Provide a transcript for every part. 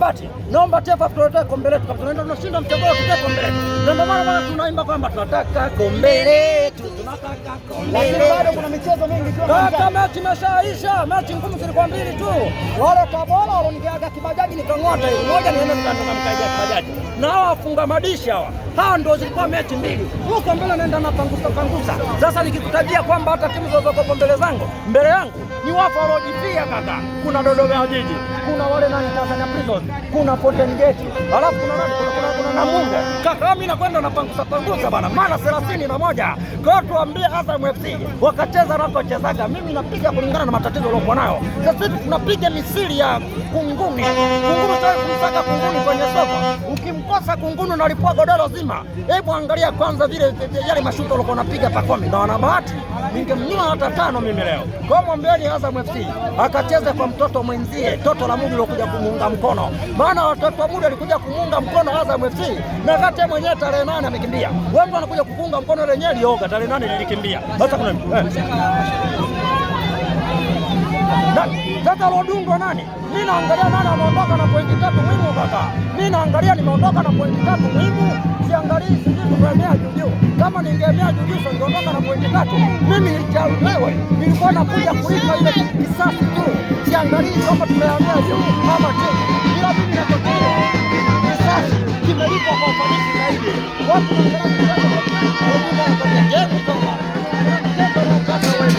Babati, naomba TEF tunataka kombe letu, tunaenda tunashinda mchezo wa TEF kombe letu. Ndio maana maana tunaimba kwamba tunataka kombe letu, tunataka kombe letu. Bado kuna michezo mingi tu. Kaka, mechi imeshaisha, mechi ngumu zilikuwa mbili tu. Wale Tabora walonigeaga kibajaji nikang'ota hiyo. Moja nienda tunatoka mkaja kibajaji. Na hao wafunga madisha hawa hao ndio zilikuwa mechi mbili, huko mbele naenda na pangusa pangusa. Sasa nikikutajia kwamba hata timu zilizokopo mbele zangu mbele yangu ni wapo waliojipia kaka, kuna Dodoma Jiji, kuna wale nani Tanzania Prisons, kuna Fountain Gate, halafu kuna nani, kuna kuna na Mungu Kakami na kwenda na pangusa pangusa bana, mara thelathini na moja. Kwa hiyo tuambie Azam FC wakacheza nakochezaga, mimi napiga kulingana na matatizo aliokuwa nayo. Sasa hivi tunapiga misiri ya kunguni kumsaka kunguni kwenye soko, ukimkosa kunguni unalipua godoro zima. Hebu angalia kwanza vile yale mashuto alikuwa napiga Pacome na wanabahati, ningemnyima hata tano mimi leo. Kwa hiyo mwambieni Azam FC akacheze kwa mtoto mwenzie, toto la Mungu lilokuja kumuunga mkono, maana watoto wa Mungu alikuja kumuunga mkono Azam FC. AFC na kate mwenyewe tarehe nane amekimbia. Wewe mtu anakuja kupunga mkono lenyewe lioga tarehe nane lilikimbia. Sasa kuna eh. Sasa lodungwa nani? Mimi naangalia nani anaondoka na pointi tatu muhimu kaka. Mimi naangalia nimeondoka na pointi tatu muhimu, siangalii sijui kuemea juu. Kama ningeamea juu juju ningeondoka na pointi tatu. Mimi nilichaulewe, nilikuwa nakuja kulipa ile kisasi tu. Siangalii kama tumeamea juu ama tu.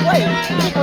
matter?